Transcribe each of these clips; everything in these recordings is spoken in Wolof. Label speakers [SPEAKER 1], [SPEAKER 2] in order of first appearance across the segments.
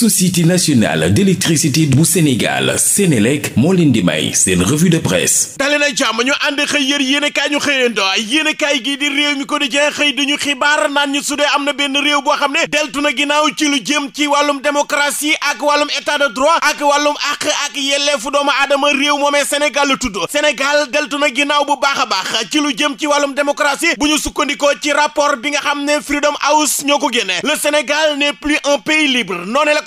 [SPEAKER 1] société nationale d'électricité bu Sénégal Sénélec moo leen di may seen revue de presse dali na jàmm ñu ànd xëy yër yéenekaay ñu xëyando yéenekaay gii di réew mi ko di jeex xëy duñu xibaar naan ñu sudee am na benn réew boo xam ne deltu na ginnaaw ci lu jëm ci wàllum démocratie ak wàllum état de droit ak wàllum àq ak yelleefu doomu aadama réew moomee Sénégal la tudd Sénégal deltu na ginnaaw bu baax a baax ci lu jëm ci wàllum démocratie bu ñu sukkandikoo ci rapport bi nga xam ne Freedom House ñoo ko génne le Sénégal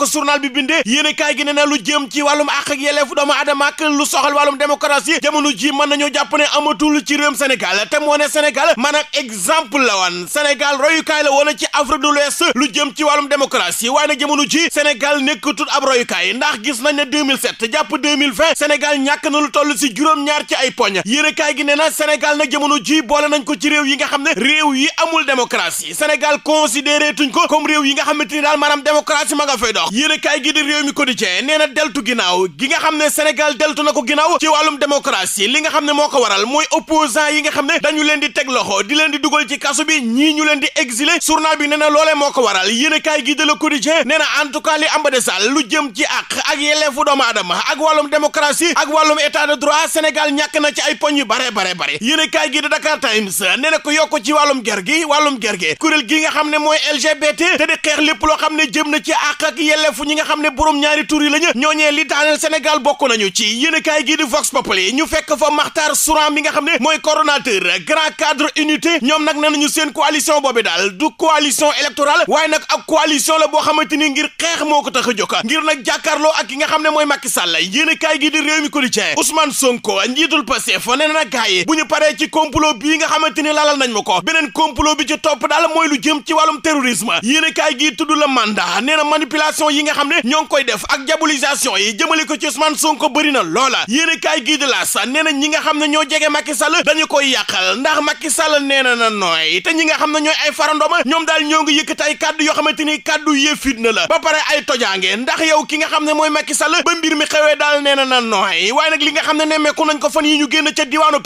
[SPEAKER 1] ko journal bi bindee yéenekaay gi nee na lu jëm ci wàllum àq ak yelleefu doomu aadama ak lu soxal wàllum démocratie jamono ji mën nañoo jàpp ne amatul ci réewum Sénégal te moo ne Sénégal maanaam exemple la woon Sénégal royukaay la woon ci Afrique de lu jëm ci wàllum démocratie waaye nag jamono ji Sénégal nekkatul ab royukaay ndax gis nañ ne 2007 jàpp 2020 Sénégal ñàkk na lu toll si juróom-ñaar ci ay poñ yéenekaay gi ne na Sénégal nag jamono ji boole nañ ko ci réew yi nga xam ne réew yi amul démocratie Sénégal considéré tuñ ko comme réew yi nga xamante ni daal maanaam démocratie ma nga fay dox yéen a kaay gi di réew mi quotidien nee na deltu ginnaaw gi nga xam ne Sénégal deltu na ko ginnaaw ci wàllum démocratie li nga xam ne moo ko waral mooy opposant yi nga xam ne dañu leen di teg loxo di leen di dugal ci kaso bi ñii ñu leen di exiler journal bi nee na loolee moo ko waral yéen a kaay gi de le quotidien nee na en tout cas li ambadesal lu jëm ci àq ak yelleefu doomu aadama ak wàllum démocratie ak wàllum état de droit Sénégal ñàkk na ci ay poñ yu bare bare bare yéen a kaay gi di ko yokk ci wàllum ger gi wàllum ger gi kuréel gi nga xam ne mooy LGBT te lépp loo xam ne jëm na ci àq ak fu ñi nga xam ne borom ñaari tur yi lañu ñooñee li daaneel Sénégal bokk nañu ci yéenekaay gii di Vox Populi ñu fekk fa Makhtar Souran bi nga xam ne mooy coordonnateur grand cadre unité ñoom nag nee ñu seen coalition boobi daal du coalition électorale waaye nag a coalition la boo xamante ni ngir xeex moo ko tax a jóg ngir nag jàkkaarloo ak ki nga xam ne mooy Macky Sall yéenekaay gii di Rewmi Quotidien Ousmane Sonko njiitul Pastef nee na gaa yi bu ñu paree ci complot bii nga xamante ni lalal nañ ma ko beneen complot bi ci topp daal mooy lu jëm ci wàllum terrorisme yéenekaay gii tudd la mandat nee manipulation yi nga xam ne ñoo ngi koy def ak diabolisation yi jëmale ko ci Ousmane Sonko bëri na loola yéene kaay gii de la ñi nga xam ne ñoo jege Macky Sall dañu koy yàqal ndax Macky Sall nee na nooy te ñi nga xam ne ñooy ay farandoma ñoom daal ñoo ngi yëkkati ay kàddu yoo xamante ni kàddu yee fitna la ba pare ay tojaange ndax yow ki nga xam ne mooy Macky Sall ba mbir mi xewee daal nee na na nooy waaye nag li nga xam ne nemmeeku nañ ko fan yi ñu génn ca diwaanu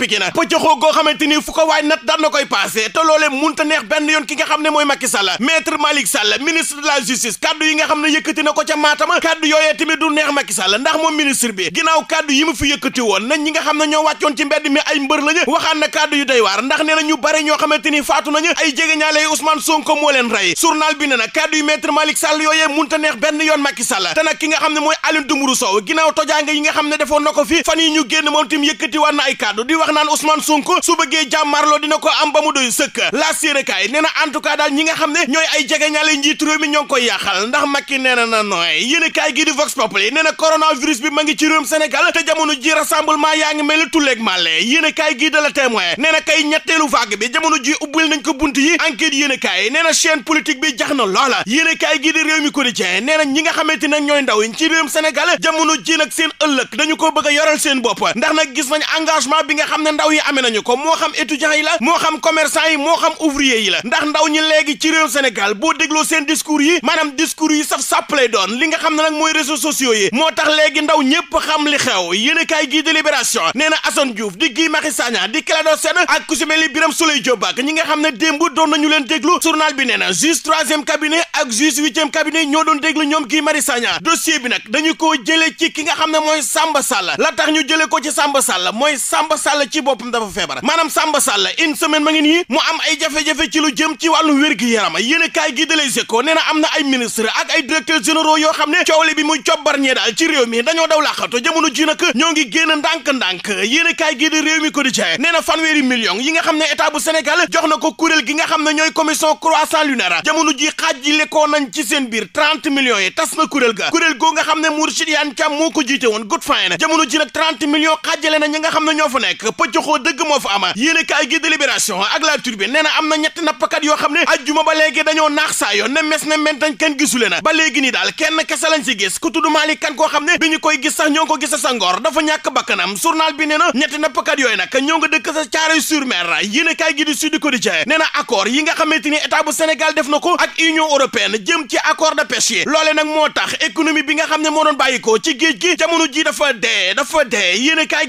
[SPEAKER 1] ni fu ko neex benn yoon ki nga xam ne mooy Macky Sall maître Malick Sall ministre de la nga xam ne yëkkati na ko ca maatama kàddu yooyee tamit du neex Macky ndax moom ministre bi ginnaaw kàddu yi mu fi yëkkati woon nañ ñi nga xam ne ñoo wàccoon ci mbedd mi ay mbër lañu waxaan na kàddu yu doy waar ndax nee na ñu bare ñoo xamante ni faatu nañu ay jegeñaale yi Ousmane Sonko moo leen rey journal bi ne na yu maître Malick Sall yooyee munta neex benn yoon Macky te nag ki nga xam ne mooy Alioune Dumourou Sow ginnaaw tojaange yi nga xam ne defoon na ko fi fan yi ñu génn na na nooy yéen kaay gi di Vox Populi nee na coronavirus bi ma ngi ci réewum Sénégal te jamono ji rassemblement yaa ngi mel ni tulleeg màlle yéen kaay gi da la témoin nee na kay ñetteelu vague bi jamono ji ubbil nañ ko bunt yi enquête yéen kaay nee na chaîne politique bi jax na loola yéen kaay gi réew mi quotidien nee na ñi nga xamante nag ñooy ndaw yi ci réewum Sénégal jamono ji nag seen ëllëg dañu ko bëgg a yoral seen bopp ndax nag gis nañ engagement bi nga xam ne ndaw yi amee ko moo xam étudiants yi xam commerçant yi moo xam ouvrier la ndax ndaw ñi léegi ci réewum Sénégal boo dégloo seen discours yi yi saf sap app lay li nga xam ne nag mooy réseaux sociaux yi moo tax léegi ndaw ñépp xam li xew yéen a gii de nee na Assane Diouf di Guy Marius Sagna di Clédor ak ku si mel ni Birame Souleye nga xam ne démb doon nañu leen déglu journal bi nee na juge troisième cabinet ak juge huitième cabinet ñoo doon déglu ñoom Guy Marius Sagna dossier bi nag dañu koo jëlee ci ki nga xam ne mooy Samba Sall la tax ñu jëlee ko ci Samba Sall mooy Samba Sall ci boppam dafa feebar maanaam Samba Sall une semaine ma ngi nii mu am ay jafe-jafe ci lu ay ministre ak directeur généraux yoo xam ne coow li bi muy cobbar ñee daal ci réew mi dañoo daw laaxatu ji nag ñoo ngi génn ndànk-ndànk yéen a kaay gi di réew mi quotidien nee na fanweeri millions yi nga xam ne état bu Sénégal jox na ko kuréel gi nga xam ne ñooy commission croissant lunaire jamono ji xaaj ji lekkoo nañ ci seen biir trente millions yi tas na kuréel ga kuréel goo nga xam ne Mourchid Yane Thiam moo ko jiite woon good fine jamono ji nag trente millions xaajale na ñi a kaay gi di libération ak la ne ajjuma na mentañ kenn gisule na ba léegi nii daal kenn kese lañ si gis ku tudd Malick xam ne bi ñu koy gis ñoo ko gis sa ngoor dafa ñàkk bakkanam journal bi nee na ñetti nappkat yooyu nag ñoo nga dëkk sa caaroy sur mer yéen a kaay gi di Sud Quotidien nee na accord yi nga xamante ni état bu Sénégal def na ko ak union européenne jëm ci accord de pêche yi loole ne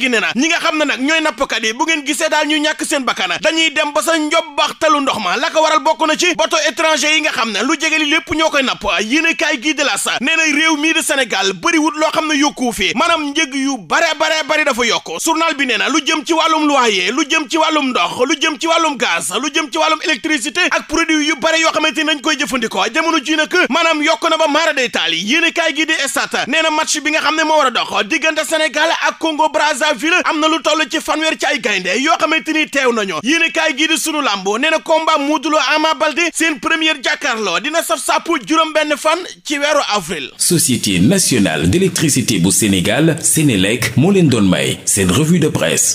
[SPEAKER 1] na ñi nga xam ne nag ñooy nappkat yi bu ngeen gisee daal ñu ñàkk seen bakkana dañuy dem ba sa njobbaxtalu ndox ma la gi di las nee na réew mii di Sénégal bëriwut loo xam ne yokku fi maanaam njëg yu bare bare bari dafa yokk journal bi nee na lu jëm ci wàllum loyer lu jëm ci wàllum ndox lu jëm ci wàllum gaz lu jëm ci wàllum électricité ak produit yu bare yoo xamante ni dañ koy jëfandikoo jamono ji nag maanaam yokk na ba maara day taal yi yéen kaay gi di Stades nee na match bi nga xam ne moo war a dox diggante Sénégal ak Congo Brazzaville am na lu toll ci fanweer ci ay gaynde yoo xamante ni teew nañu yéen kaay gi di sunu làmb nee na combat Modou Lo Ama Baldé seen première jàkkaarloo dina saf sàpp juróom ci weeru avril. société nationale d'électricité bu Sénégal Sénélec moo leen doon may seen revue de presse.